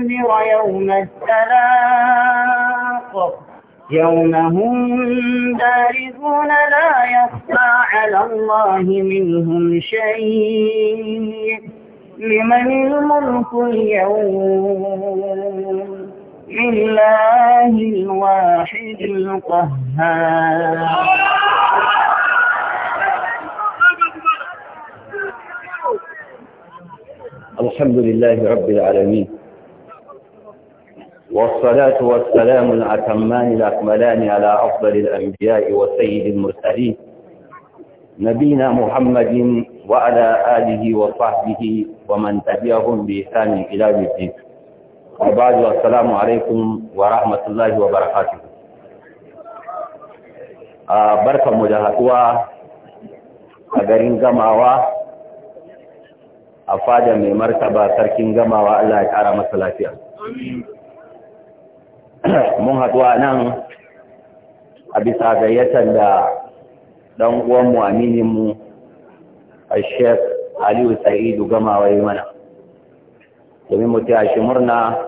تنذر يوم التلاق يوم هم بارزون لا يخفى على الله منهم شيء لمن الملك اليوم لله الواحد القهار الحمد لله رب العالمين والصلاة والسلام الأتمان الأكملان على أفضل الأنبياء وسيد المرسلين نبينا محمد وعلى آله وصحبه ومن تبعهم بإحسان إلى الدين وبعد والسلام عليكم ورحمة الله وبركاته بركة مجهدوا أجرين جماعة a من مرتبة تركين sarkin الله Allah مسلاتيا ƙara mun haɗuwa nan a bisa gayyatar da ɗan uwanmu amininmu a shek aliyu sa'idu gama yi mana domin mutu a shi murna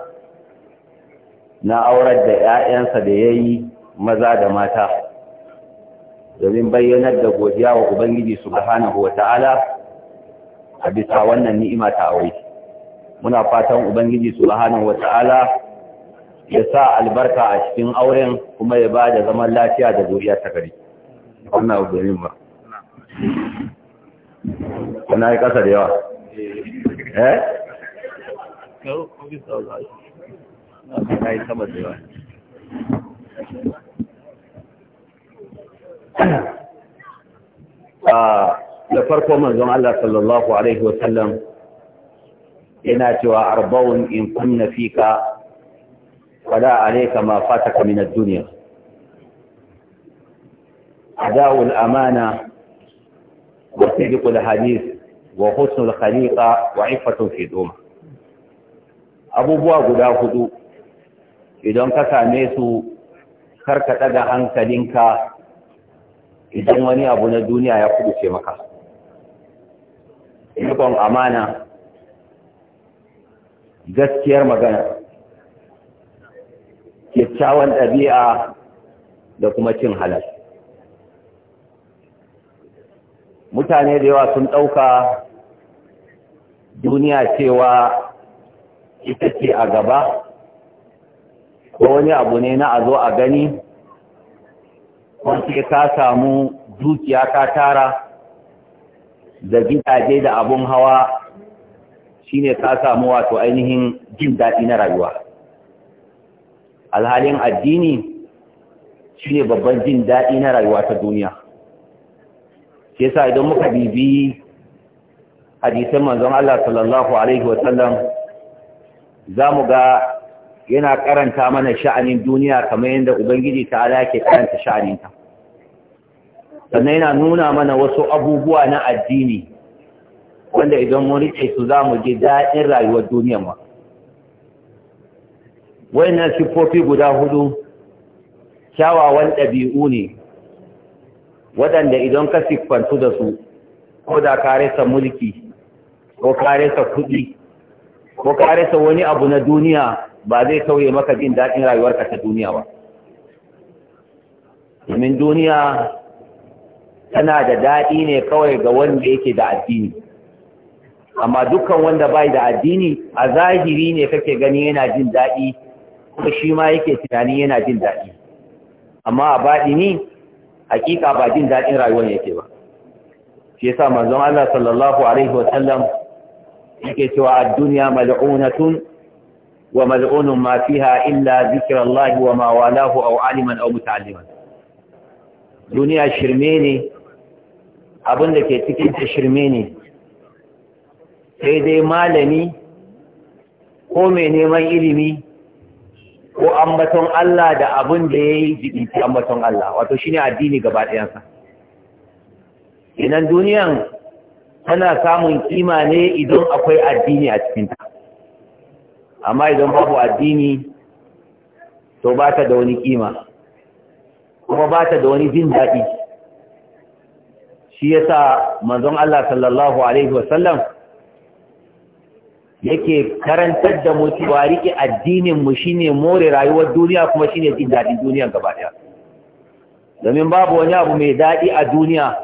na aurar da 'ya'yansa da ya yi maza da mata domin bayyanar da godiya wa ubangiji Su subhanahu wa ta'ala a bisa wannan ni'ima ta aure muna fatan ubangiji Su subhanahu wa ta'ala ya sa albarka a cikin auren kuma ya ba da zaman lafiya da zuriya ta gari wannan abu domin ba Wannan ya kasa da yawa eh? Ah, da farko manzon Allah sallallahu Alaihi wasallam yana cewa arba'un in kunna fika wala alayka ma fataka min ad-dunya ada'u al-amana wa sidqu al-hadith wa husnu al-khaliqa wa 'ifatu abubuwa guda huɗu, idan ka same su karka daga hankalinka idan wani abu na duniya ya kubuce maka rikon amana gaskiyar magana kyakkyawan ɗabi'a da kuma cin halal mutane da yawa sun ɗauka duniya cewa ita ce a gaba ko wani abu ne na a zo a gani wanda ka samu dukiya ka tara da gidaje da abun hawa shine ka samu wato ainihin jin daɗi na rayuwa alhalin addini shi ne babban jin daɗi na rayuwa ta duniya ke sa idan muka bibi hadisan manzon Allah sallallahu Alaihi wasallam za mu ga yana karanta mana sha'anin duniya kamar yadda Ubangiji ta ala ke karanta sha'aninta sannan yana nuna mana wasu abubuwa na addini wanda idan mun riƙe su za mu ji daɗin rayuwar duniya ma. wayannan siffofi guda hudu kyawawan ɗabi'u ne waɗanda idan ka siffantu da su ko da ka rasa mulki ko ka rasa kuɗi ko ka rasa wani abu na duniya ba zai sauye maka jin daɗin rayuwarka ta duniya ba domin duniya tana da daɗi ne kawai ga wanda yake da addini amma dukkan wanda bai da addini a zahiri ne kake gani yana jin daɗi kuma shi ma yake tunani yana jin daɗi amma a baɗi ni hakika ba jin daɗin rayuwar yake ba shi yasa manzon Allah sallallahu alaihi wa sallam yake cewa ad-dunya mal'unatun wa mal'unun ma fiha illa zikrallahi wa ma walahu aw aliman aw muta'alliman duniya shirme ne abin da ke cikin ta shirme ne sai dai malami ko mai neman ilimi ko ambaton Allah da abin da ya yi jibinci ambaton Allah wato shine addini gaba ɗayansa inan duniyan tana samun kima ne idan akwai addini a cikinta amma idan babu addini to ba ta da wani kima kuma ba ta da wani jin daɗi shi yasa manzon Allah sallallahu alaihi wasallam yake karantar da mu cewa rike addinin mu shine more rayuwar duniya kuma shine jin daɗin duniya gaba ɗaya domin babu wani abu mai daɗi a duniya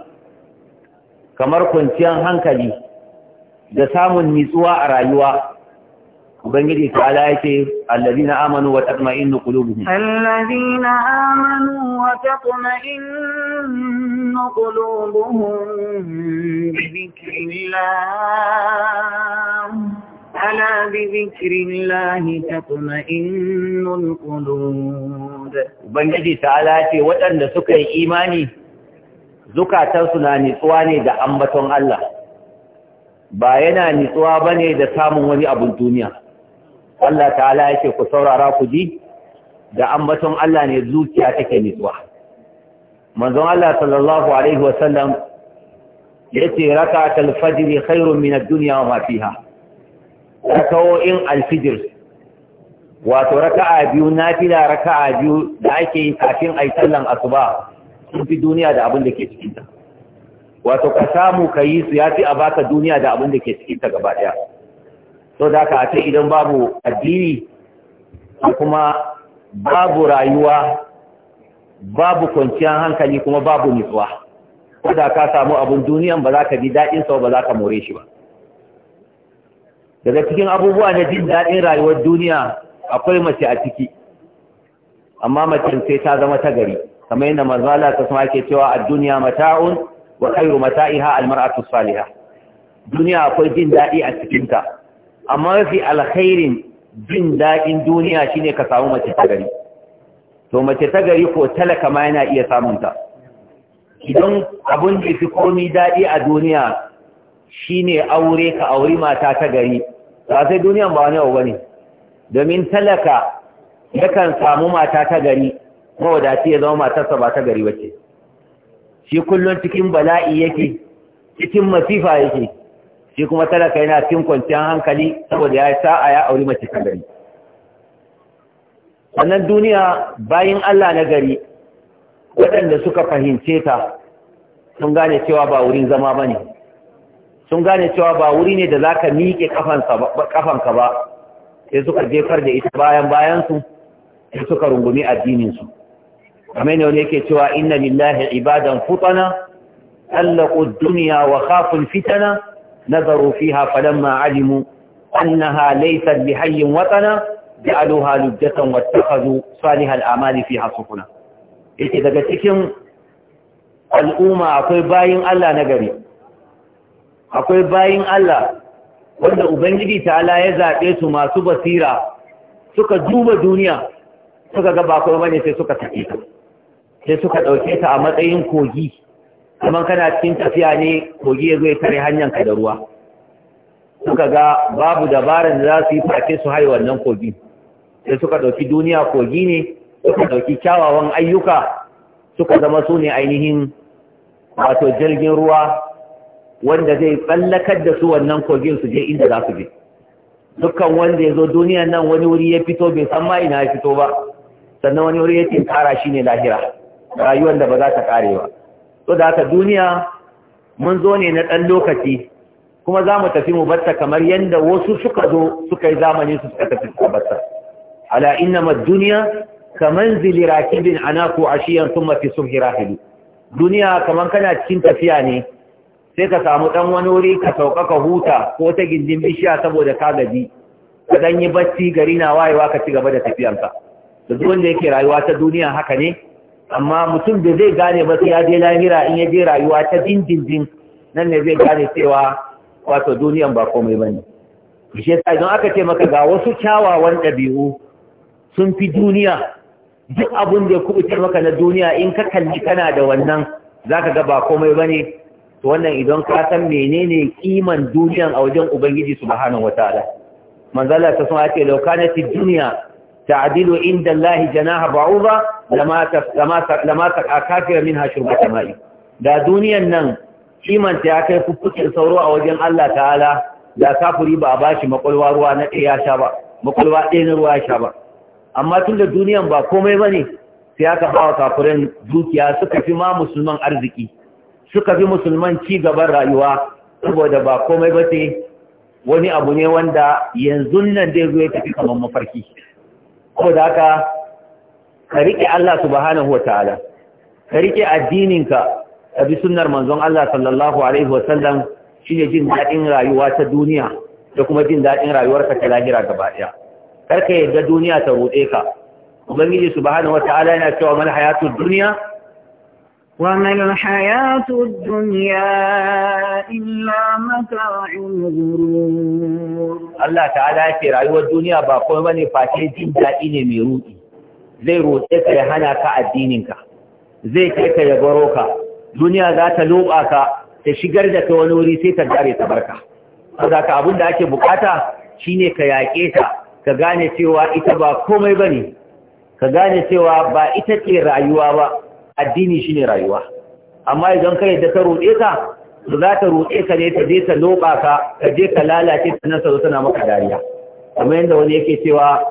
kamar kwanciyar hankali da samun nitsuwa a rayuwa ubangiji ta ala yake allazina amanu wa tatma'innu qulubuhum amanu wa tatma'innu qulubuhum bi dhikrillah ألا بذكر الله تطمئن القلوب وبنجي تعالى وطن سكر إيماني zukatansu na nitsuwa ne da ambaton Allah ba yana nitsuwa ba ne da samun wani abin duniya Allah ta'ala yake ku saurara ku ji da ambaton Allah ne zuciya take nitsuwa manzon Allah sallallahu alaihi wasallam yace raka'atul fajr khairun min ad-dunya wa ma fiha raka'o'in alfijir wato raka'a biyu nafila raka'a biyu da ake yi kafin a yi sallan asuba sun fi duniya da abin da ke cikinta wato ka samu ka yi su ya fi a baka duniya da abin da ke cikinta gaba ɗaya so da ka ce idan babu addini kuma babu rayuwa babu kwanciyar hankali kuma babu nutsuwa ko da ka samu abin duniyan ba za ka ji daɗinsa ba za ka more shi ba daga cikin abubuwa na jin daɗin rayuwar duniya akwai mace a ciki amma mace sai ta zama ta gari kamar yadda manzala ta sama ke cewa a duniya mata'un wa khairu mata'iha almar'atu salihah duniya akwai jin daɗi a cikinta amma mafi alkhairin jin daɗin duniya shine ka samu mace ta gari to mace ta gari ko talaka ma yana iya samunta idan abin da fi komi daɗi a duniya shine aure ka auri mata ta gari ba sai duniyan ba wani abu bane domin talaka yakan samu mata ta gari mawadaci ya zama matarsa ba ta gari bace shi kullum cikin bala'i yake cikin masifa yake shi kuma talaka yana cikin kwanciyar hankali saboda ya sa'a ya auri mace ta gari sannan duniya bayan Allah na gari waɗanda suka fahimce ta sun gane cewa ba wurin zama bane sun gane cewa ba wuri ne da zaka miƙe kafanka ba sai suka jefar da ita bayan bayansu sai suka rungumi addininsu kamar ne wani yake cewa inna lillahi ibadan futana tsallaku ad wa fitana nazaru fiha falamma alimu annaha laysat bihayyin watana ja'aluha lujjatan wattakhadhu salihal amali fiha sukuna yake daga cikin al'umma akwai bayin Allah na gari akwai bayin Allah wanda Ubangiji ta ya zaɓe su masu basira suka duba duniya suka ga bakwai wani sai suka tafi ta sai suka ɗauke ta a matsayin kogi kuma kana cikin tafiya ne kogi ya zai tare hanyar ka da ruwa suka ga babu dabarar da za su yi fake su haye wannan kogi sai suka ɗauki duniya kogi ne suka ɗauki kyawawan ayyuka suka zama su ne ainihin wato jirgin ruwa wanda zai tsallakar da su wannan kogin su je inda za su je dukkan wanda ya zo duniya nan wani wuri ya fito bai san ma ina ya fito ba sannan wani wuri ya ce kara shi ne lahira rayuwar da ba za ta kare ba to da haka duniya mun zo ne na ɗan lokaci kuma za mu tafi mu batta kamar yadda wasu suka zo suka yi zamani su suka tafi suka batta ala inna ma duniya kaman zili rakibin ana ko ashiyan sun mafi sun hirahilu duniya kamar kana cikin tafiya ne sai ka samu ɗan wani wuri ka sauka ka huta ko ta gindin bishiya saboda ka gaji ka ɗan yi bacci gari na wayewa ka ci gaba da tafiyarka da duk wanda yake rayuwa ta duniya haka ne amma mutum da zai gane ba sai ya je lahira in ya je rayuwa ta dindindin nan ne zai gane cewa wato duniyan ba komai ba ne shi yasa idan aka ce maka ga wasu kyawawan ɗabi'u sun fi duniya duk abin da ya kuɓuce maka na duniya in ka kalli kana da wannan zaka ga ba komai ba ne wannan idan ka san menene kiman duniyan a wajen ubangiji subhanahu wataala manzala ta sun ce laukanati duniya ad-dunya ta'dilu inda Allah janaha ba'udha lama lama lama takafira minha shurbat ma'i da duniyan nan kiman ta ya kai fuffukin sauro a wajen Allah ta'ala da kafuri ba a bashi makwalwa ruwa na ɗaya sha ba ɗaya na ruwa sha ba amma tun da duniyan ba komai bane sai aka ba wa kafirin dukiya suka fi ma musulman arziki suka fi musulman ci gaban rayuwa saboda ba komai ba ce wani abu ne wanda yanzu nan dai zo tafi kamar mafarki da haka ka riƙe Allah subhanahu wa ta'ala ka riƙe addininka ka bi sunnar manzon Allah sallallahu alaihi wa sallam shine jin daɗin rayuwa ta duniya da kuma jin daɗin rayuwarka ta lahira gaba ɗaya kar ka yarda duniya ta ruɗe ka ubangiji subhanahu wa ta'ala yana cewa mana hayatun duniya. وما الحياة الدنيا إلا متاع الغرور الله تعالى يقول رأيوة الدنيا باقوة من فاتح دين دائن ميروئي zai roƙe ka ya hana ka addininka zai kai ka ya duniya za ta loɓa ka ta shigar da ka wani wuri sai ta gare ta barka saboda ka abin da ake buƙata shine ka yaƙe ta ka gane cewa ita ba komai bane ka gane cewa ba ita ke rayuwa ba addini shine rayuwa amma idan ka ta roɗe ka za ta roɗe ka ne ta je ta loɓa ka ka je ka lalace ta nan sarauta na maka dariya kamar yadda wani yake cewa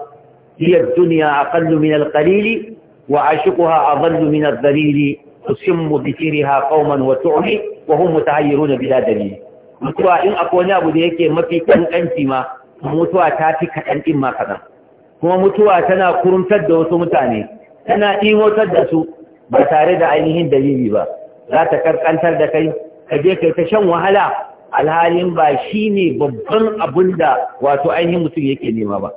hiyar duniya a kallu min alƙalili wa a shiƙuha a zallu min alzalili tusimmu bikiriha qauman wa tu'mi wa hum mutahayyiruna bila dalil mutuwa in akwai wani abu da yake mafi kankanci ma mutuwa ta fi kaɗan ɗin ma kaɗan kuma mutuwa tana kurumtar da wasu mutane tana ɗimotar da su ba tare da ainihin dalili ba za ta karkantar da kai ka je kai ta shan wahala alhalin ba shi ne babban abin da wato ainihin mutum yake nema ba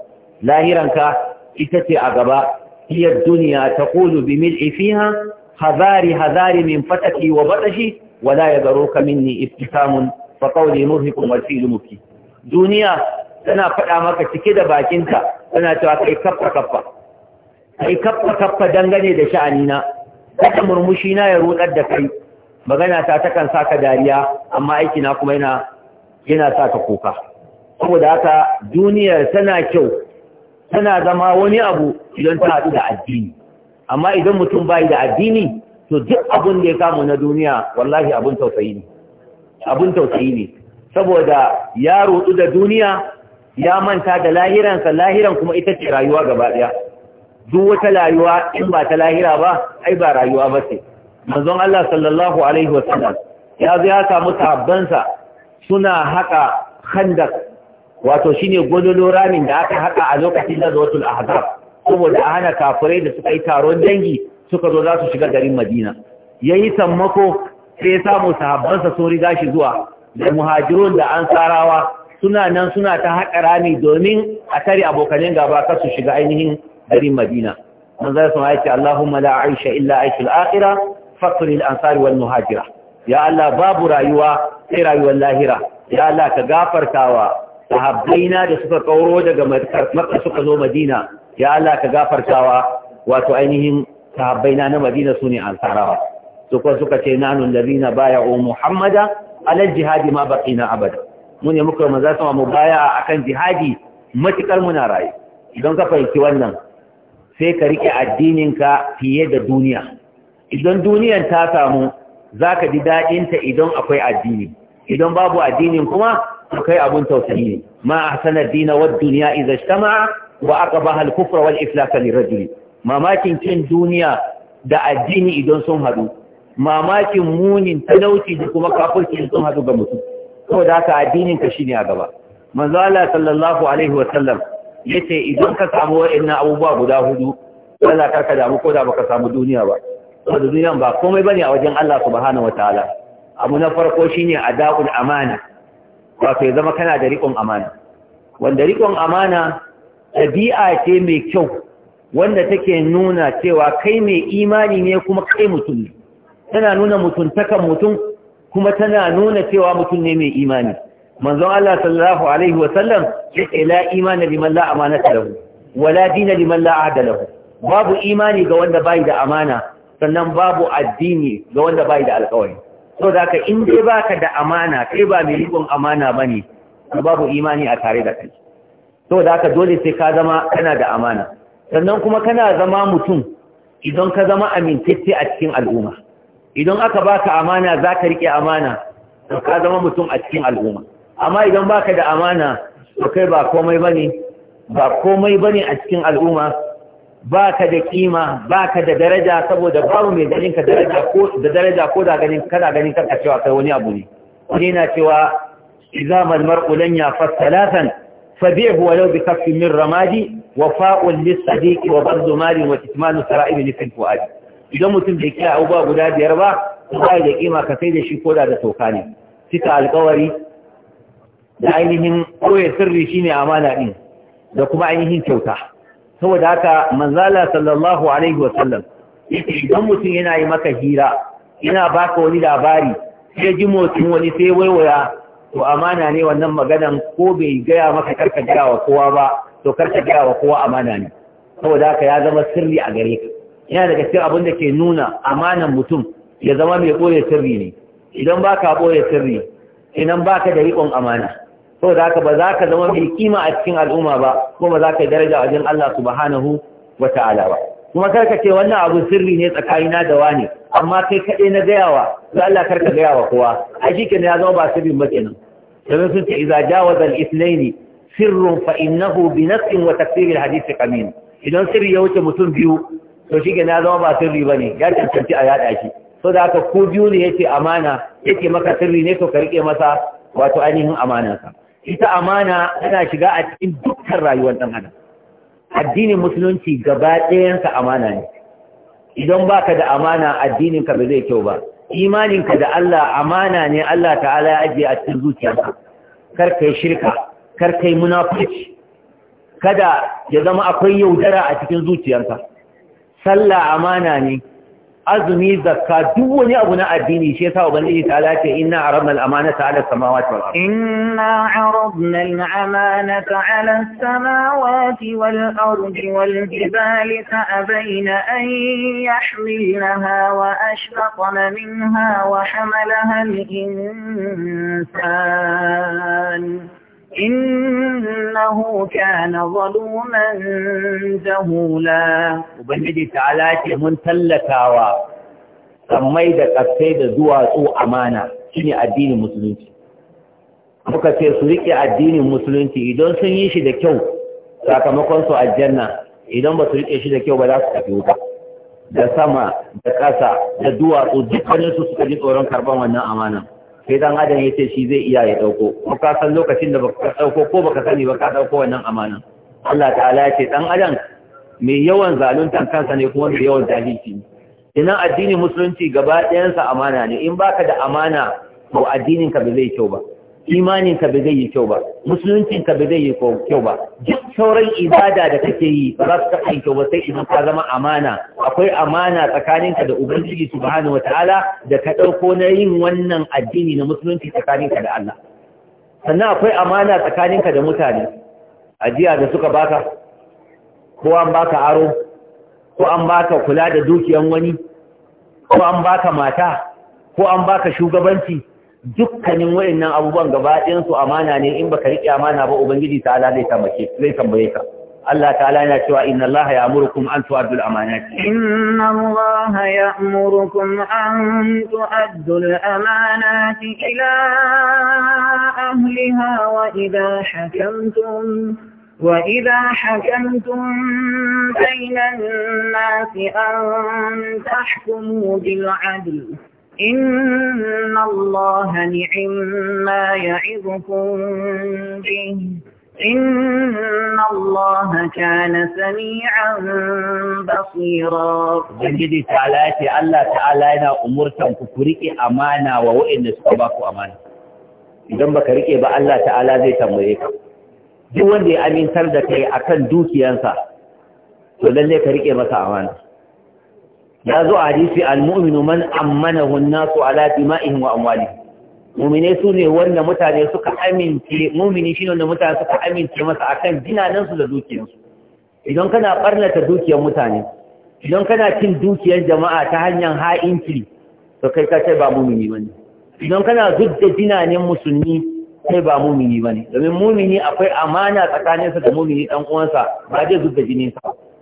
lahiranka ita ce a gaba hiyar duniya ta kulu bi mil'i fiha hazari hazari min fataki wa batashi wala ya garo ka minni iftisamun fa qawli murhiqun wal fi'lu duniya tana faɗa maka cike da bakinta tana cewa kai kaffa kaffa kai kaffa kaffa dangane da sha'anina kada murmushi na ya rudar da kai magana ta takan saka dariya amma aiki na kuma yana yana saka kuka saboda haka duniyar tana kyau tana zama wani abu idan ta haɗu da addini amma idan mutum bai da addini to duk abun da ya kamu na duniya wallahi abun tausayi ne abun tausayi ne saboda ya rudu da duniya ya manta da lahiransa lahiran kuma ita ce rayuwa gaba ɗaya duk wata rayuwa in ba ta lahira ba ai ba rayuwa ba ce manzon Allah sallallahu alaihi wasallam ya zo ya samu sahabbansa suna haka khandak wato shine gololo ramin da aka haka a lokacin gazwatul ahzab saboda a hana kafirai da suka yi taron dangi suka zo za su shiga garin Madina yayi sammako sai ya samu sahabbansa sun riga shi zuwa da muhajirun da ansarawa suna nan suna ta haƙa rami domin a tare abokanin gaba kar su shiga ainihin garin madina man Allahu sama Allahumma illa aishul akhirah fasri al wal muhajira ya Allah babu rayuwa sai rayuwar lahira ya Allah ka gafartawa sahabbaina da suka kauro daga makka suka zo madina ya Allah ka gafartawa wato ainihin sahabbaina na madina sune ansarawa su kuma suka ce nanu baya baya'u muhammada ala jihadi ma bakina abada mun ne muka maza sama mu baya akan jihadi matukar muna raye idan ka fahimci wannan sai ka rike addininka fiye da duniya idan duniyan ta samu za ka ji daɗinta idan akwai addini idan babu addinin kuma kai abun tausayi ne ma ahsana dina wad dunya idza ijtama'a wa aqbaha al-kufra wal iflasa lirajuli mamakin cin duniya da addini idan sun hadu mamakin munin talauci da kuma kafirci sun hadu ga mutum saboda haka addinin ka shine a gaba manzo Allah sallallahu alaihi wa sallam yace idan ka samu wa'annan abubuwa guda hudu Allah kar ka damu ko da baka samu duniya ba saboda duniyan ba komai bane a wajen Allah subhanahu wataala abu na farko shine ada'ul amana wato ya zama kana da riƙon amana wanda riƙon amana ɗabi'a ce mai kyau wanda take nuna cewa kai mai imani ne kuma kai mutum ne tana nuna mutuntakan mutum kuma tana nuna cewa mutum ne mai imani manzon Allah sallallahu alaihi wa sallam yake la imani liman la amanata lahu wala dina liman la ahda lahu babu imani ga wanda bai da amana sannan babu addini ga wanda bai da alƙawari so da ka in dai baka da amana kai ba mai rikon amana bane babu imani a tare da kai so da ka dole sai ka zama kana da amana sannan kuma kana zama mutum idan ka zama amintacce a cikin al'umma idan aka baka amana zaka rike amana ka zama mutum a cikin al'umma amma idan baka da amana to kai ba komai bane ba komai bane a cikin al'umma baka da kima baka da daraja saboda babu mai ganin ka daraja ko da daraja ko da ganin kana ganin ka cewa kai wani abu ne wani na cewa idza mal mar'u lan yafas thalathan fabi'hu walau bi kaffin min ramadi wafa'un lis sadiqi wa bardu mali wa kitmanu sara'ib li fil fuadi idan mutum bai kiyaye abubuwa guda biyar ba ba da kima ka sai da shi koda da toka ne cika alƙawari da ainihin koya sirri shine amana ɗin da kuma ainihin kyauta saboda haka manzala sallallahu alaihi wasallam idan mutum yana yi maka hira yana baka wani labari sai ji motsin wani sai waiwaya to amana ne wannan maganan ko bai gaya maka karka gaya wa kowa ba to karka gaya wa kowa amana ne saboda haka ya zama sirri a gare ka yana daga cikin abin da ke nuna amanan mutum ya zama mai ɓoye sirri ne idan baka ɓoye sirri idan baka da riƙon amana saboda haka ba za ka zama mai kima a cikin al'umma ba kuma ba za ka yi daraja wajen Allah subhanahu wa ta'ala ba kuma kar ka ce wannan abu sirri ne tsakanina da wani amma kai kaɗai na gayawa to Allah kar ka gayawa kowa ai shi kenan ya zama ba sirrin ba kenan domin sun ce idza jawaza al-ithnaini sirrun fa innahu bi nafsin wa tafsir al-hadith idan sirri ya wuce mutum biyu to shi kenan ya zama ba sirri ba ne. ya tantance a yada shi da haka ko biyu ne yake amana yake maka sirri ne to ka rike masa wato ainihin sa ita amana tana shiga a cikin dukkan rayuwar ɗan adam addinin musulunci gaba ɗayansa amana ne idan baka da amana addininka ba zai kyau ba imaninka da Allah amana ne Allah ta'ala ya ajiye a cikin zuciyarka kar kai shirka kar kai munafiki kada ya zama akwai yaudara a cikin zuciyarka sallah amana ne azumi zakka duk wani abu na addini shi yasa ubangiji ta lace inna aradna al-amanata ala samawati wal ard inna aradna al-amanata ala samawati wal ard wal jibali fa abayna an yahmilnaha wa ashfaqna minha wa hamalaha al-insan innahu kana zaluman jahula ubangiji ta'ala ce mun tallatawa sammai da kasai da duwatsu amana shine addinin musulunci muka ce su rike addinin musulunci idan sun yi shi da kyau sakamakon su aljanna idan ba su rike shi da kyau ba za su tafi wuta da sama da ƙasa da duwatsu dukkanin su suka ji tsoron karban wannan amana sai dan adam ce shi zai iya ya dauko ko ka san lokacin da baka dauko ko baka sani ba ka dauko wannan amana Allah ta'ala ya ce dan adam mai yawan zaluntan kansa ne kuma mai yawan zalunci ina addinin musulunci gaba ɗayansa amana ne in baka da amana to addinin ka ba zai kyau ba imaninka ba zai yi kyau ba musuluncinka ba zai yi kyau ba duk sauran ibada da kake yi ba za su taɓa yi kyau ba sai idan ka zama amana akwai amana tsakaninka da ubangiji subhanahu wataala da ka ɗauko na yin wannan addini na musulunci tsakaninka da Allah sannan akwai amana tsakaninka da mutane ajiya da suka baka ko an baka aro ko an baka kula da dukiyan wani ko an baka mata ko an baka shugabanci dukkanin wayannan abubuwan gaba ɗayan amana ne in baka riƙe amana ba ubangiji ta'ala zai tambaye zai tambaye ka Allah ta'ala yana cewa inna Allah ya'murukum an tu'addu al-amanati inna Allah ya'murukum an tu'addu al-amanati ila ahliha wa idha hakamtum وإذا حكمتم بين الناس أن تحكموا بالعدل إن الله نعم ما يعظكم به إن الله كان سميعا بصيرا جدي تعالى الله تعالى أنا أمرتم كفريك أمانا ووئن سببك أمانا idan baka rike ba Allah ta'ala zai tambaye ka duk wanda ya amintar da kai akan dukiyansa to lalle ka rike masa amana ya zo a hadisi al-mu'minu man ammanahu an-nasu ala dima'ihim wa amwalihim mu'mine su ne wanda mutane suka amince mu'mini shine wanda mutane suka amince masa akan dinanan su da dukiyarsu idan kana barnata dukiyar mutane idan kana cin dukiyar jama'a ta hanyar ha'inci to kai ka ce ba mu'mini bane idan kana zudda dinanin musulmi kai ba mumini ba ne domin mumini akwai amana tsakaninsa da mumini ɗan uwansa ba zai zub da jininsa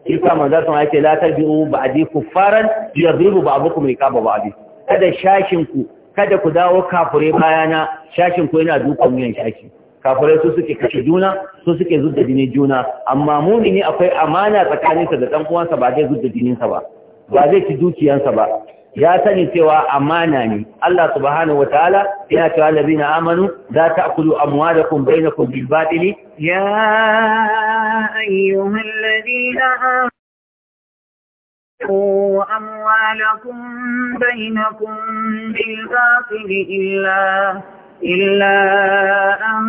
yasa manzo sun yake la tabi'u ba'di kuffaran yadribu ba'dukum riqaba ba'di kada shashin ku kada ku dawo kafure bayana shashin ku yana dukan wuyan shashi Kafure su suke kashe juna su suke zudda jinin juna amma mumini akwai amana tsakaninsa da dan uwansa ba zai zudda jininsa ba ba zai ci dukiyansa ba ya sani cewa amana ne Allah subhanahu wataala yana wa allazina amanu za ta akulu amwalakum bainakum bil batili ya ayyuhalladhina amanu bainakum bil batili illa إلا أن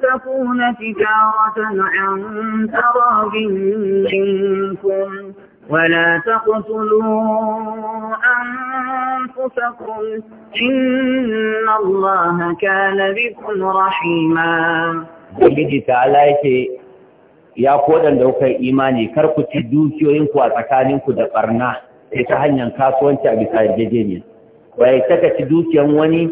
تكون تجارة عن تراب منكم ولا تقتلوا أنفسكم إن الله كان بكم رحيما Ubangiji ta'ala yake ya kodan daukar imani kar ku ci dukiyoyinku a ku da barna sai ta hanyar kasuwanci a bisa yarjejeniya bai taka ci dukiyan wani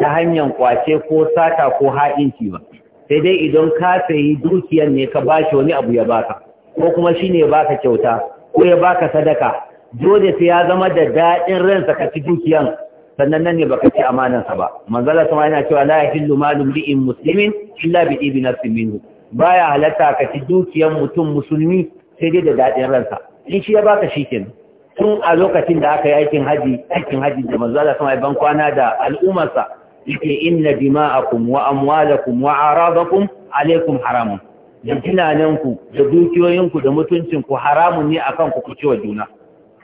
ta hanyar kwace ko sata ko ha'inci ba sai dai idan ka sayi dukiyan ne ka bashi wani abu ya baka ko kuma shine baka kyauta ko ya baka sadaka dole sai ya zama da daɗin ransa ka ci dukiyan sannan nan ne baka ci amanansa ba manzala sama yana cewa la yahillu malu li'in muslimin illa bi ibi nafsin minhu baya halatta ka ci dukiyan mutum musulmi sai dai da daɗin ransa in shi ya baka shikenan tun a lokacin da aka yi aikin haji aikin haji da manzala sama ya ban kwana da al'ummarsa yake inna dima'akum wa amwalakum wa aradakum alaikum haramun da tunaninku da dukiyoyinku da mutuncinku haramun ne akan ku kuce wa juna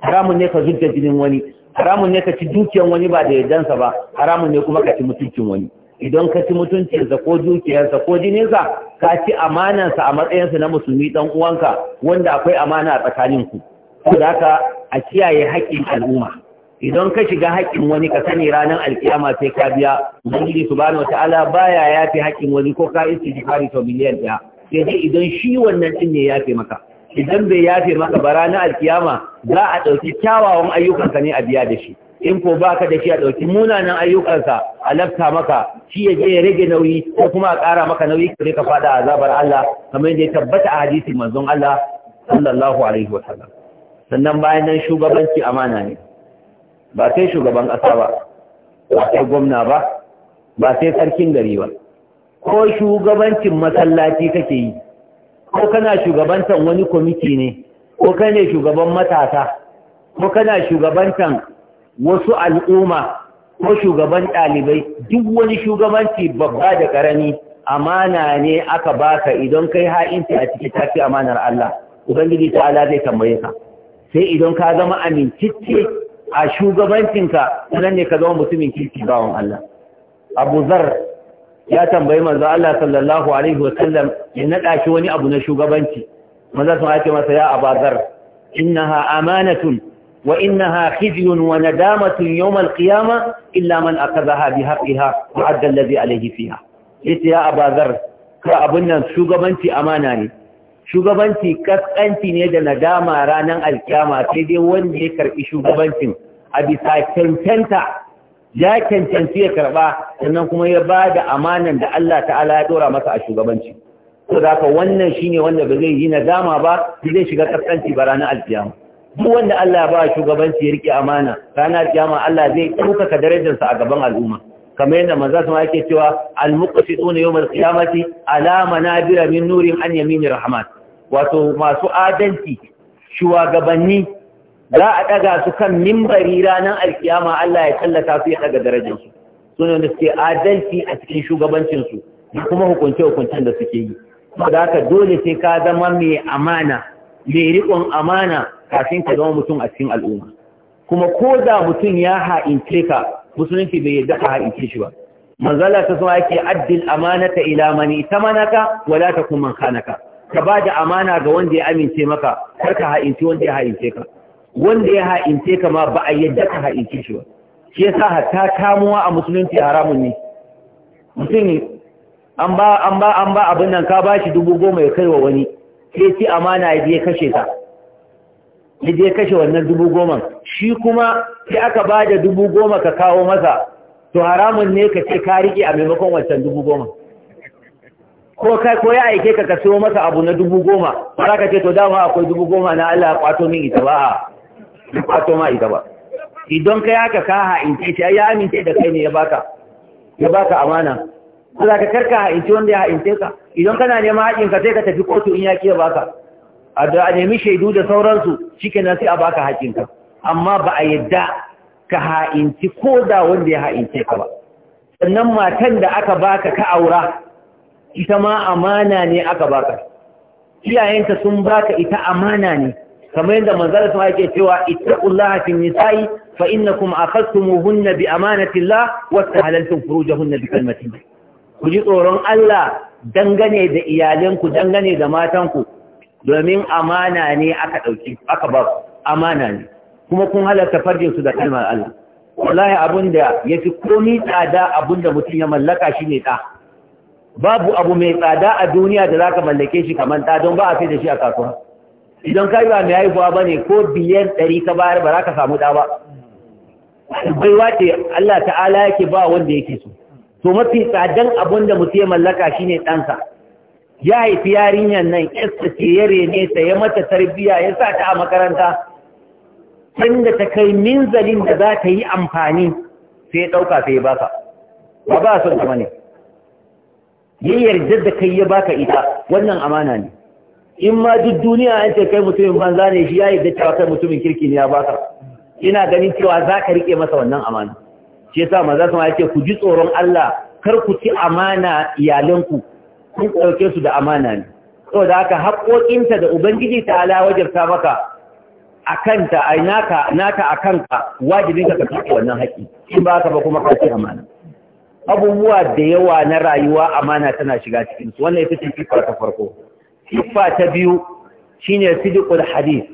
haramun ne ka zubta jinin wani haramun ne ka ci dukiyan wani ba da yardansa ba haramun ne kuma ka ci mutuncin wani idan ka ci mutuncinsa ko dukiyarsa ko jininsa ka ci amanansa a matsayinsa na musulmi dan uwanka wanda akwai amana a tsakaninku saboda haka a kiyaye haƙƙin al'umma idan ka shiga haƙƙin wani ka sani ranar alƙiyama sai ka biya ubangiji subhanahu wataala baya yafi haƙƙin wani ko ka istighfari to miliyan ɗaya ya ce idan shi wannan ɗin ne yafe maka idan bai yafe maka ba ranar alkiyama za a ɗauki kyawawan ayyukanka ne a biya da shi in ko ba ka da shi a ɗauki munanan ayyukansa a lafta maka shi ya je ya rage nauyi ko kuma a ƙara maka nauyi ka ka faɗa azabar Allah kamar yadda ya tabbata a hadisin manzon Allah sallallahu alaihi wa sallam sannan bayan nan shugabanci amana ne ba sai shugaban ƙasa ba ba sai gwamna ba ba sai sarkin gari ba ko shugabancin masallaci kake yi ko kana shugabantan wani kwamiti ne ko kane shugaban matasa ko kana shugabantan wasu al'umma ko shugaban ɗalibai duk wani shugabanci babba da ƙarami amana ne aka baka idan kai ha'inci a cikin tafi amanar Allah ubangiji ta'ala zai tambaye ka sai idan ka zama amincicce a shugabancinka nan ne ka zama mutumin kirki bawon Allah Abu Zar ya tambayi manzo Allah sallallahu alaihi wasallam ya nada shi wani abu na shugabanci manzo sun ake masa ya abazar innaha amanatun wa innaha khizyun wa nadamatun yawm alqiyama illa man akadhaha bihaqqiha wa adda alladhi alayhi fiha Ita ya abazar ka abun nan shugabanci amana ne shugabanci kaskanci ne da nadama ranar alkiyama sai dai wanda ya karbi shugabancin a bisa cancanta ya cancanci ya karba sannan kuma ya ba da amanan da Allah ta'ala ya dora masa a shugabanci to da haka wannan shine wanda ba zai yi dama ba zai shiga ƙasƙanci ba ranar alfiyama. duk wanda Allah ba shugabanci ya rike amana ranar alfiyama Allah zai ɗaukaka darajarsa a gaban al'umma kamar yadda manzo sama yake cewa al-muqsituna yawm al-qiyamati ala manabira min nurin an yamini wato masu adalci shugabanni za a ɗaga su kan mimbari ranar alkiyama Allah ya tallata su ya ɗaga su suna da suke adalci a cikin shugabancinsu da kuma hukunce-hukuncen da suke yi da haka dole sai ka zama mai amana mai riƙon amana kafin ka zama mutum a cikin al'umma kuma ko da mutum ya ha'ince ka musulunci bai yarda ka ha'ince shi ba manzala ta zama yake addil amanata ila mani manaka, wala ta kuma kanaka ka ba da amana ga wanda ya amince maka kar ka ha'ince wanda ya ha'ince ka wanda ya ha'ince ka ma ba a yadda ka ha'ince shi ba shi yasa hatta kamuwa a musulunci haramun ne mutum an ba an ba an ba abin nan ka ba shi dubu goma ya kai wa wani ke ci amana ya je kashe ta ya je kashe wannan dubu goma shi kuma sai aka ba da dubu goma ka kawo masa to haramun ne ka ce ka riƙe a maimakon wancan dubu goma ko kai ko ya aike ka ka siyo masa abu na dubu goma ba za ka ce to dama akwai dubu goma na Allah ya kwato min ita ba ya kwato ma ita ba idan ka yaka ka ha'ince shi ya amince da kai ne ya baka ya baka amana za ka karka ha'ince wanda ya ha'ince ka idan kana neman haƙin ka sai ka tafi kotu in ya kiya baka a da a nemi shaidu da sauransu shike nan sai a baka haƙin ka amma ba a yadda ka ha'inci ko da wanda ya ha'ince ka ba sannan matan da aka baka ka aura ita ma amana ne aka baka iyayenka sun baka ita amana ne kamar yadda manzala sun yake cewa ittaqullaha fi nisa'i fa innakum akhadtumuhunna bi amanatillah wa tahalaltum furujahunna bi kalmatin ku ji tsoron Allah dangane da iyalanku dangane da matanku domin amana ne aka dauki aka ba amana ne kuma kun halarta farjin su da kalmar Allah wallahi abinda yafi komai tsada abinda mutum ya mallaka shine da babu abu mai tsada a duniya da zaka mallake shi kamar ta don ba a sai da shi a kasuwa idan ka yi ba mai haihuwa ba ne ko biyar ɗari ka bayar ba za ka samu ɗa ba baiwa ce Allah ta'ala yake ba wanda yake so to mafi tsadan abun da mutum ya mallaka shine ɗansa ya haifi yarinyar nan yasta ce ya rene ta ya mata tarbiyya ya sa ta a makaranta tun da ta kai minzalin da za ta yi amfani sai ya ɗauka sai ya baka ba ba son ta mane ya yarda da kai ya baka ita wannan amana ne in ma duk duniya an ce kai mutumin banza ne shi ya yi da cewa kai mutumin kirki ne ya baka ina ganin cewa za ka riƙe masa wannan amana shi yasa maza sama yake ce ku ji tsoron Allah kar ku ci amana iyalanku kun ɗauke su da amana ne saboda haka haƙoƙinta da ubangiji ta ala wajarta maka akan kanta a naka naka a kanka wajibin ka ka wannan haƙi in ba ka ba kuma ka ci amana abubuwa da yawa na rayuwa amana tana shiga cikin su wannan ita ce ta farko siffa ta biyu shine sidqul hadith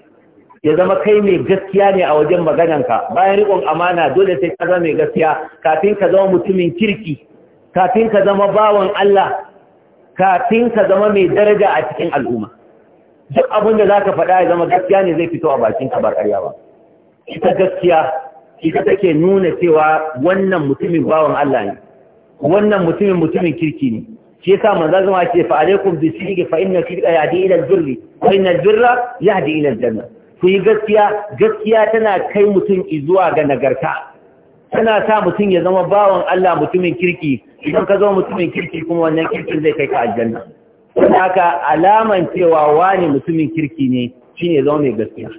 ya zama kai mai gaskiya ne a wajen magananka bayan rikon amana dole sai ka zama mai gaskiya kafin ka zama mutumin kirki kafin ka zama bawan Allah kafin ka zama mai daraja a cikin al'umma duk abin da ka faɗa ya zama gaskiya ne zai fito a bakin ka ba ƙarya ba ita gaskiya ita take nuna cewa wannan mutumin bawan Allah ne wannan mutumin mutumin kirki ne shi yasa manzo zama ce fa alaikum bi sidqi fa inna sidqa yahdi ila al-birri wa inna al-birra yahdi ila al-janna ku yi gaskiya gaskiya tana kai mutum izuwa ga nagarta tana sa mutum ya zama bawan Allah mutumin kirki idan ka zama mutumin kirki kuma wannan kirkin zai kai ka aljanna haka alaman cewa wani mutumin kirki ne shine zama mai gaskiya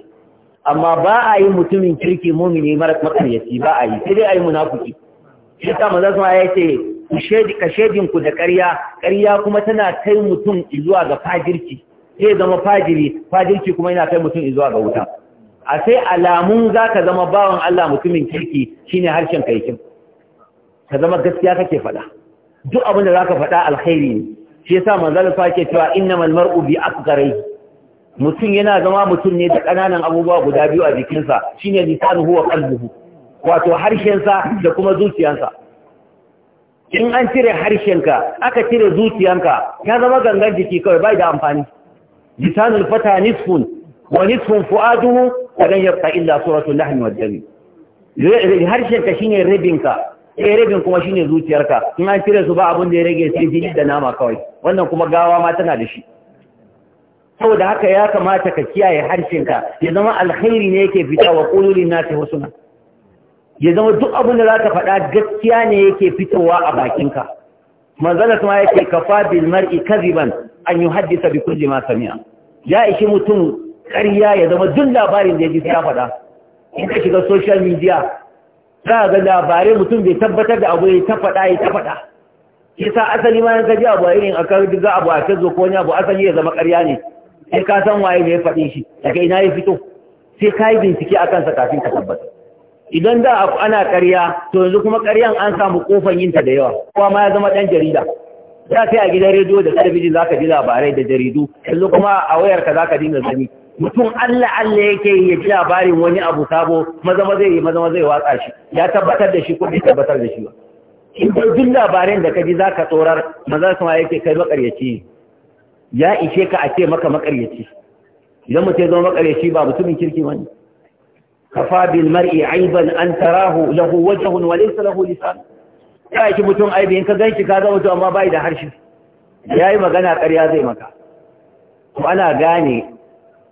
amma ba a yi mutumin kirki mumini mara matsayi ba a yi sai dai a yi shi yasa maza zama ya ce ka ku da ƙarya ƙarya kuma tana kai mutum zuwa ga fajirki sai zama fajiri fajirki kuma yana kai mutum zuwa ga wuta a sai alamun za ka zama bawan Allah mutumin kirki shine harshen kaikin ka zama gaskiya kake faɗa duk abin da za ka faɗa alkhairi ne shi yasa manzal fa ke cewa innamal mar'u bi afqarai mutum yana zama mutum ne da ƙananan abubuwa guda biyu a jikinsa shine lisanuhu wa qalbuhu wato harshen sa da kuma zuciyarsa in an cire harshenka aka cire zuciyanka ya zama gangan jiki kawai bai da amfani lisanul fata nisfun wa nisfun fu'aduhu kadan yabqa illa suratul lahmi wad dami harshenka shine rabinka eh rabin kuma shine zuciyarka in an cire su ba abin da ya rage sai jini da nama kawai wannan kuma gawa ma tana da shi saboda haka ya kamata ka kiyaye harshenka ya zama alkhairi ne yake fita wa qululin nasi husna ya zama duk abin da za ta faɗa gaskiya ne yake fitowa a bakinka manzana kuma yake kafa bil mar'i kadhiban an haddisa bi kulli ma sami'a ya ishi mutum ƙarya ya zama duk labarin da ya ji ya faɗa in ka shiga social media za ga labarai mutum bai tabbatar da abu ya ta faɗa ya ta faɗa yasa asali ma ka ji abu a irin akan abu a kazo ko wani abu asali ya zama ƙarya ne sai ka san waye ne ya faɗi shi daga ina ya fito sai ka yi bincike a kansa kafin ka tabbata idan da ana ƙarya to yanzu kuma ƙaryan an samu kofan yinta da yawa Kuma ma ya zama ɗan jarida za yi a gidan rediyo da talabijin za ka ji labarai da jaridu yanzu kuma a wayarka za ka dinga gani mutum Allah Allah yake ya ji labarin wani abu sabo maza maza yi maza maza ya watsa shi ya tabbatar da shi ko bai tabbatar da shi ba in dai duk labarin da ka ji za ka tsorar maza su ma yake kai makaryaci ya ishe ka a ce maka makaryaci idan mutum ya zama makaryaci ba mutumin kirki ba ne kafa bil mar'i aiban an tarahu lahu wajhun wa laysa lahu lisan kai ki mutum aibi ka ganshi ka ga mutum amma bai da harshe yayi magana ƙarya zai maka to ana gane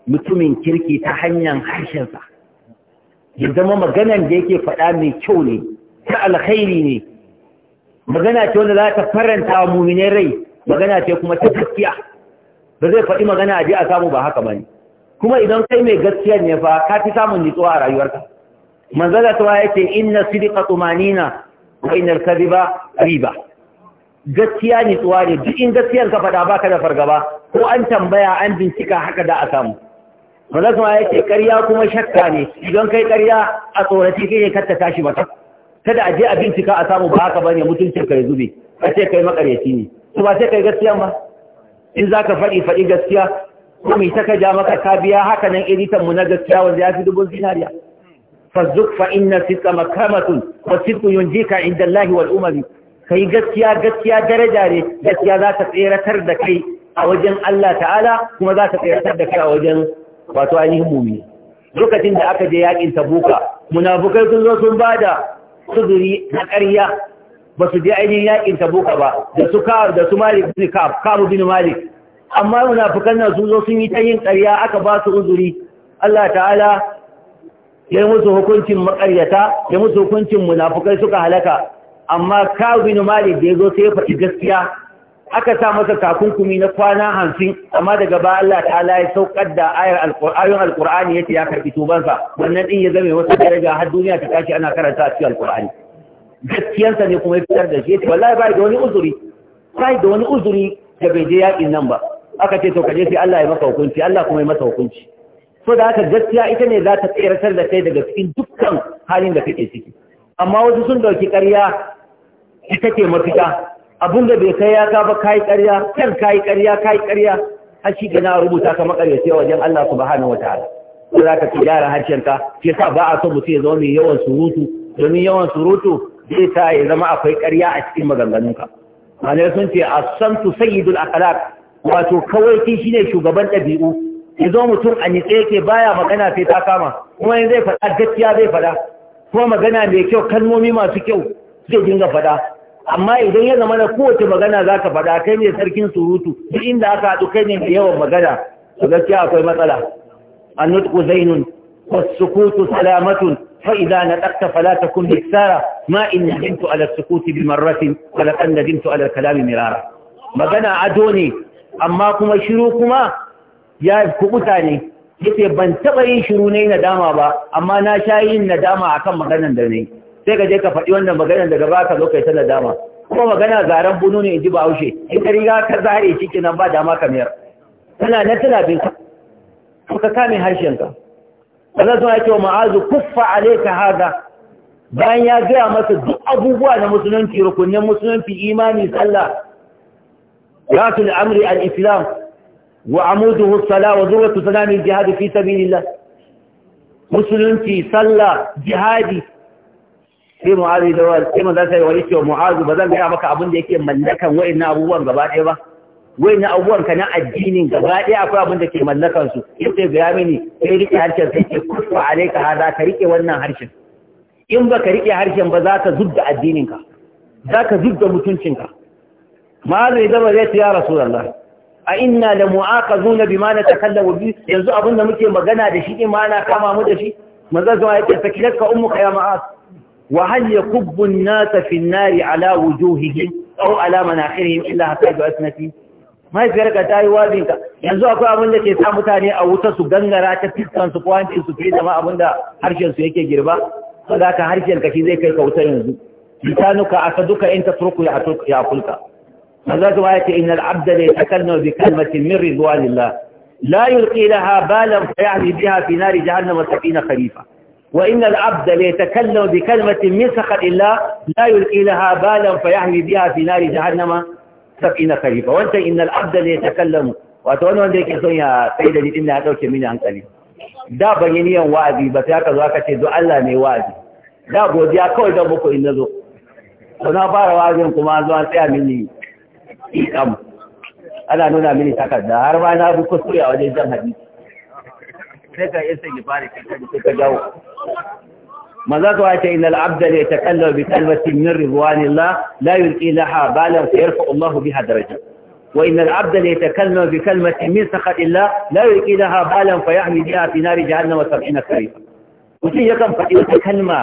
mutumin kirki ta hanyar harshensa ya zama maganan da yake faɗa mai kyau ne ta alkhairi ne magana ce wanda za ta faranta wa rai magana ce kuma ta gaskiya ba zai faɗi magana a biya a samu ba haka ba ne kuma idan kai mai gaskiya ne fa ka fi samun nutsuwa a rayuwarka manzala ta ya ce inna sidqa tumanina wa inna al-kadhiba riba gaskiya nutsuwa ne duk in gaskiyar ka fada baka da fargaba ko an tambaya an bincika haka da a samu manzala ta ya ce ƙarya kuma shakka ne idan kai ƙarya a tsoraci kai ne katta tashi maka. kada a je a bincika a samu ba haka bane mutuncin ka zube a ce kai makareci ne to ba sai kai gaskiya ba in zaka faɗi faɗi gaskiya Kuma mai ta ja maka ka biya haka nan editan mu na gaskiya wanda ya fi dubun zinariya fazzuk fa inna sidqa makamatun wa sidqu yunjika inda Allah wal kai gaskiya gaskiya daraja ne gaskiya za ta tseratar da kai a wajen Allah ta'ala kuma za ta tseratar da kai a wajen wato ainihin mumini lokacin da aka je yakin tabuka munafukai sun zo sun bada suzuri na ƙarya ba su je ainihin yakin tabuka ba da su kar da su malik bin kab kabu bin malik amma munafikan nan sun zo sun yi ta yin ƙarya aka ba su uzuri Allah ta'ala ya yi musu hukuncin makaryata ya musu hukuncin munafukai suka halaka amma kawin mali da ya zo sai ya faɗi gaskiya aka sa masa takunkumi na kwana hamsin amma daga ba Allah ta'ala ya saukar da ayar ayoyin alkur'ani yace ya karbi tubansa wannan din ya zame wata daraja har duniya ta tashi ana karanta a cikin gaskiyansa ne kuma ya fitar da shi wallahi bai da wani uzuri bai da wani uzuri da bai je yakin nan ba aka ce to sai Allah ya maka hukunci Allah kuma ya masa hukunci so da haka gaskiya ita ne za ta tsirtar da kai daga cikin dukkan halin da kake ciki amma wasu sun dauki ƙarya ita ce mafita abin da bai kai ya ka ba kai ƙarya kan kai ƙarya kai ƙarya har shi gana rubuta ka sai wajen Allah subhanahu wataala so za ka gyara ka. Ke sa ba a so mutum ya zama mai yawan surutu domin yawan surutu zai sa ya zama akwai ƙarya a cikin maganganunka. Malamai sun ce a san tu sayyidul akhlaq wato kawai shine shugaban ɗabi'u yazo mutum a nitse yake baya magana sai ta kama kuma in zai faɗa gaskiya zai faɗa kuma magana mai kyau kalmomi masu kyau zai dinga faɗa amma idan ya zama da kowace magana za faɗa kai ne sarkin surutu duk inda aka haɗu kai ne mai yawan magana to gaskiya akwai matsala annutku zainun salamatun والسكوت سلامة فإذا نطقت فلا تكن بكسارة ما إن ندمت bi marratin بمرة ولقد ندمت على kalami mirara magana ado ne amma kuma shiru kuma ya kubuta ne yace ban taba yin shiru ne nadama ba amma na sha yin nadama akan maganar da nayi sai ka je ka faɗi wannan maganar da baka ka zo kai ta nadama kuma magana zaren bunu ne inji bahaushe in ka riga ka zare shi nan ba dama ka mayar tana na tana bin ka ka kame harshen ka Allah zai yake wa ma'azu kuffa alayka hada bayan ya gaya masa duk abubuwa na musulunci rukunin musulunci imani sallah ذات الأمر الإسلام وعموده الصلاة وذروة سلام الجهاد في سبيل الله musulunci sallah jihadi sai mu'azu da wani sai manzo sai wani cewa mu'azu ba zan gaya maka abin da yake mallakan wayannan abubuwan gaba ɗaya ba wayannan abubuwan ka na addinin gaba ɗaya akwai abin da ke mallakan su yace ga ya mini sai rike harshen sai ke kufa alaika hada ka rike wannan harshen in ba ka rike harshen ba za ka zubda addininka za ka zubda mutuncinka idan zama zai ce ya rasulallah a ina da mu'aka zuna bi ma na takallawa bi yanzu abin muke magana da shi ɗin ma na kama mu da shi manzan zama ya ce sakilarka ummuka ya ma'az wa hal yakubbu an-nasa fi an-nari ala wujuhihim aw ala manakhirihim illa hatta yu'asnati mahaifiyarka ta yi wabinka yanzu akwai abin da ke sa mutane a wuta su gangara ta fiskan su kwancin su fi zama abin da harshen su yake girba ba za ka harshen ka shi zai kai ka wuta yanzu lisanuka aka duka in ta turku ya manzo zuwa yace innal abda la yatakallu bi kalmatin min ridwanillah la yulqi laha balan fayahmi biha fi nari jahannam wa sakina kharifa وإن العبد ليتكلم بكلمة من سخط الله لا يلقي لها بالا فيحمي بها في نار جهنم سبعين خريفا وانت إن العبد ليتكلم وأتوانا وانت يكسون يا سيدة دي إنها توك من أنكلي دا بينيا وعدي بس ياك ذاك تدو الله ني وعدي دا بودي أكوي دا بكو إن ذو ونا بار وعدي كما زوان تيا مني ikam ana nuna mini takarda har ma na bi suya wajen jan hadisi sai ka isa ki fara kai kaji sai ka jawo maza ka wace inal abda la yatakallamu bi kalmatin min ridwanillah la yulqi laha balan sayarfa Allah biha daraja wa inal abda la yatakallamu bi kalmatin min sakhatillah la yulqi laha balan fayahmi biha fi nari jahannam 70 karifa mutum yakan faɗi wata kalma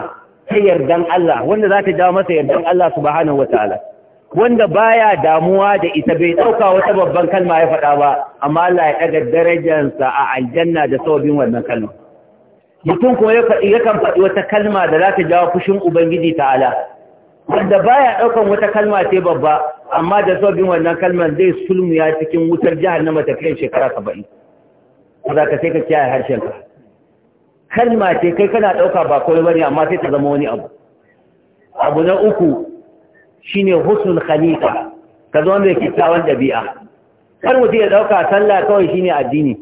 ta yardan Allah wanda za ta jawo masa yardan Allah subhanahu ta'ala. wanda baya damuwa da ita bai ɗauka wata babban kalma ya faɗa ba amma Allah ya ɗaga darajarsa a aljanna da sabbin wannan kalma mutum kuma yakan faɗi wata kalma da za ta jawo fushin ubangiji ta'ala wanda baya ɗaukan wata kalma ce babba amma da sabbin wannan kalman zai sulmuya cikin wutar jahannama matafiyan shekara saba'in za ka sai ka kiyaye harshenka kalma ce kai kana ɗauka ba kawai bane amma sai ta zama wani abu abu na uku Shi ne husnul khalifa ka zo mai kyakkyawan dabi'a kar mutum ya ɗauka sallah kawai shine addini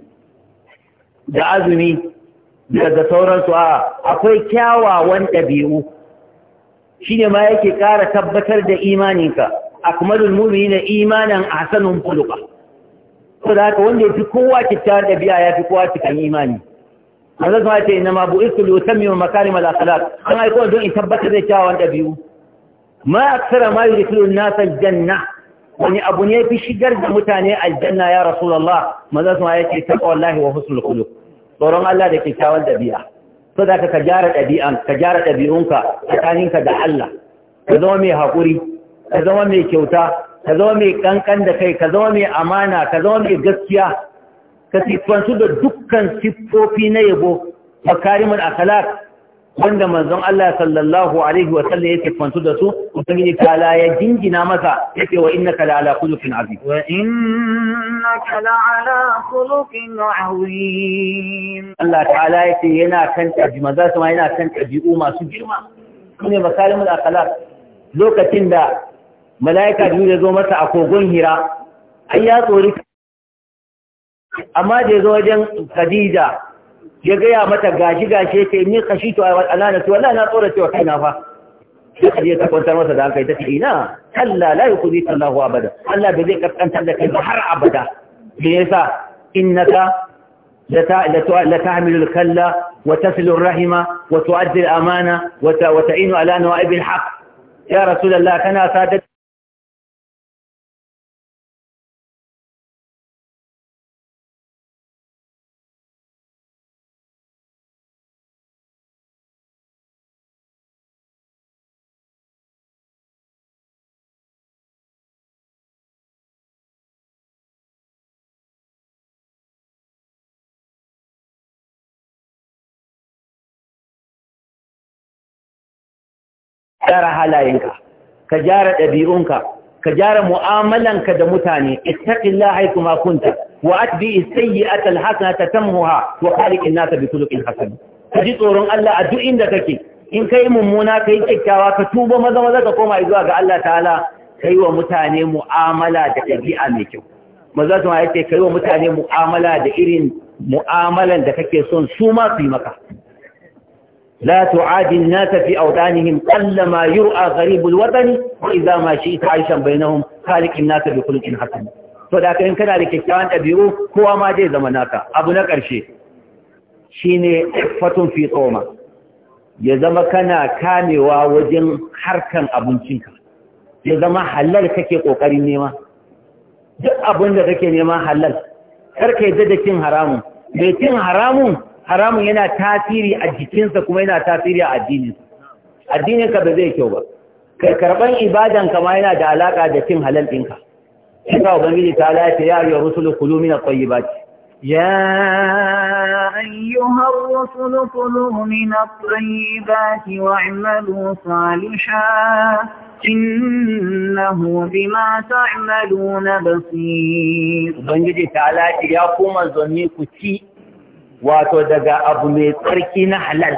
da azumi daga sauransu a akwai kyawawan dabi'u ne ma yake ƙara tabbatar da imaninka akmalul mu'minina imanan ahsanun khuluqa ko da haka wanda yafi kowa kyakkyawan dabi'a fi kowa cikin imani Allah ya ce inna ma bu'istu li utammima makarim al-akhlaq an aiko don in tabbatar da kyawawan ɗabi'u. ma aksara ma yudkhilu an-nasa janna wani abu ne fi shigar da mutane aljanna ya rasulallah? maza su ya ce taqwa wallahi wa husnul khuluq tsoron Allah da kyakkyawar dabi'a so da ka gyara dabi'an ka gyara ɗabi'unka tsakaninka da Allah ka zama mai hakuri ka zama mai kyauta ka zama mai ƙanƙan da kai ka zama mai amana ka zama mai gaskiya ka siffantu da dukkan siffofi na yabo makarimul akhlaq wanda manzon Allah sallallahu alaihi wa sallam yake kwantu da su ubangiji kala ya jinjina masa yake wa innaka la ala khuluqin azim wa innaka la ala khuluqin azim Allah ta'ala yake yana kan tabi maza kuma yana kan tabi'u masu girma ne makarimul akhlaq lokacin da malaika biyu ya zo masa a kogon hira ai ya tsori amma da ya zo wajen Khadija ya gaya mata gashi gashi ta ce ni kashi to ai alana to wallahi na tsora cewa kaina fa sai kaje ta kwantar masa da hankali tace ina Allah la yukhzi Allahu abada Allah bai zai kaskantar da kai ba har abada me yasa innaka la ta'milu al-kalla wa tasilu ar-rahima wa tu'addi al-amana wa ta'inu ala nawa'ib al-haq ya rasulullah kana sadat gyara halayenka ka gyara ɗabi'unka ka gyara mu'amalanka da mutane ittaqillah haykuma kunta wa atbi as-sayyi'ata al wa khaliq an-nasa bi khuluqin hasan kaji tsoron Allah a duk inda kake in kai mummuna kai kikkiawa ka tuba maza maza ka koma zuwa ga Allah ta'ala kai wa mutane mu'amala da ɗabi'a mai kyau maza su ma yace kai wa mutane mu'amala da irin mu'amalan da kake son su ma su yi maka لا تعادي الناس في أوطانهم قلما يرأى غريب الوطن وإذا ما شئت عيشا بينهم خالق الناس بخلق حسن فذاك إن كان لكتان أبيعوه هو ما جي زمناك أبو نكر شيء شيني إخفة في طومة يزم كان كامي ووجن حركا أبو نشنك يزم حلال كي قوكري نيما duk abin da kake nema halal karka yadda da cin haramun mai cin haramun haramun yana tasiri a jikinsa kuma yana tasiri a addininsa addininka ba zai kyau ba kai karɓar ibadan kama yana da alaƙa da cin halal ɗinka Ina Ubangiji ta lafi ya yi wa rusulu kulu min at-tayyibat يا أيها الرسل كلوا من الطيبات ta صالحا na بما Ubangiji ta بنجد تعالى يا قوم ku ci wato daga abu mai tsarki na halal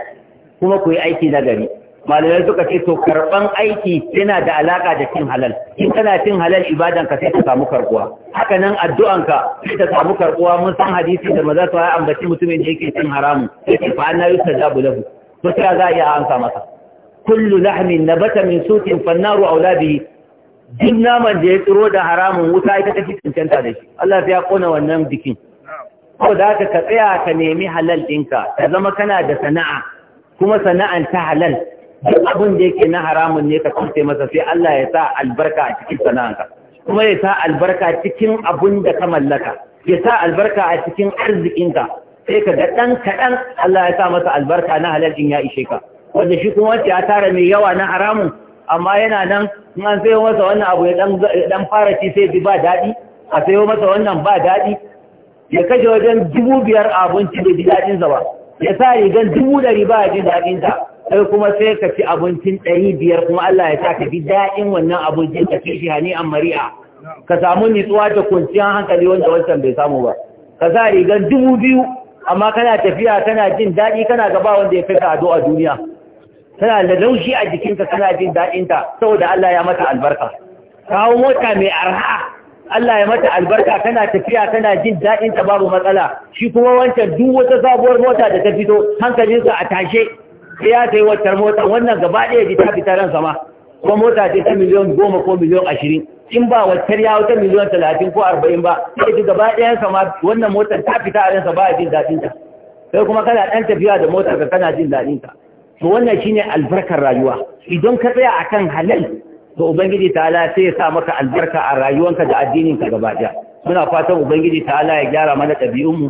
kuma ku yi aiki na gari malamai suka ce to karban aiki yana da alaka da cin halal in kana cin halal ibadan ka sai ta samu karbuwa haka nan addu'an ka sai ta samu karbuwa mun san hadisi da maza su ambaci mutumin da yake cin haramun sai ce fa annabi sallallahu lahu to sai za a iya amsa masa kullu lahmin nabata min sutin fannaru aula bihi duk naman da ya tsiro da haramun wuta ita take cancanta da shi Allah ya kona wannan bikin ko da ka tsaya ka nemi halal ɗinka ka zama kana da sana'a kuma sana'an ta halal duk abin da yake na haramun ne ka kuce masa sai Allah ya sa albarka a cikin sana'anka kuma ya sa albarka cikin abin da ka mallaka ya sa albarka a cikin arzikinka sai ka ga ɗan kaɗan Allah ya sa masa albarka na halal in ya ishe ka wanda shi kuma wacce ya tara mai yawa na haramun amma yana nan in an sayo masa wannan abu ya ɗan fara ci sai bi ba daɗi a sayo masa wannan ba daɗi ya kashe wajen dubu biyar abinci da ji daɗin ba ya sa rigan dubu ɗari ba a ji daɗin ta sai kuma sai ka ci abincin ɗari biyar kuma Allah ya sa ka ji daɗin wannan abincin ka ci shi hani mari'a ka samu nitsuwa da kwanciyar hankali wanda wancan bai samu ba ka sa rigan dubu biyu amma kana tafiya kana jin daɗi kana gaba wanda ya fi ka a duniya tana da laushi a jikinka kana jin daɗinta saboda Allah ya mata albarka kawo mota mai arha Allah ya mata albarka kana tafiya kana jin daɗin ta babu matsala shi kuma wancan duk wata sabuwar mota da ta fito hankalinsa a tashe sai ya sayi wata mota wannan gaba ɗaya ji ta fita ran sama kuma mota ce ta miliyon goma ko miliyon ashirin in ba wacce ya wata miliyon talatin ko arba'in ba sai ji gaba ɗayan sama wannan motar ta fita a ransa ba a jin daɗin ta sai kuma kana ɗan tafiya da motar ka kana jin daɗin ta to wannan shine albarkar rayuwa idan ka tsaya akan halal to ubangiji ta'ala sai ya sa maka albarka a rayuwanka da addininka gaba daya muna fatan ubangiji ta'ala ya gyara mana ɗabi'unmu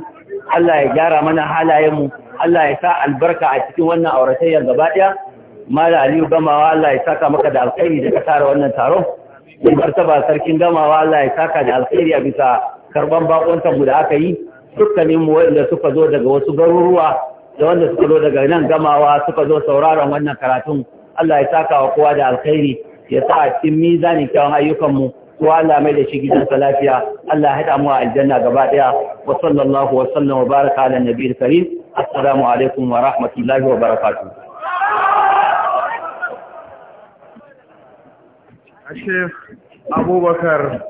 Allah ya gyara mana halayenmu Allah ya sa albarka a cikin wannan auratayyar gaba daya mala aliyu gamawa Allah ya saka maka da alkhairi da ka tara wannan taro martaba sarkin gamawa Allah ya saka da alkhairi a bisa karban bakontan mu da aka yi dukkanin mu wanda suka zo daga wasu garuruwa da wanda suka zo daga nan gamawa suka zo sauraron wannan karatun Allah ya saka wa kowa da alkhairi ya sa a cikin mizanin kyawun ayyukanmu ko Allah mai da shi gidansa lafiya Allah ya haɗa mu a aljanna gaba ɗaya wa sallallahu wa sallam wa baraka ala nabiyil karim assalamu alaikum wa rahmatullahi wa barakatuh Abubakar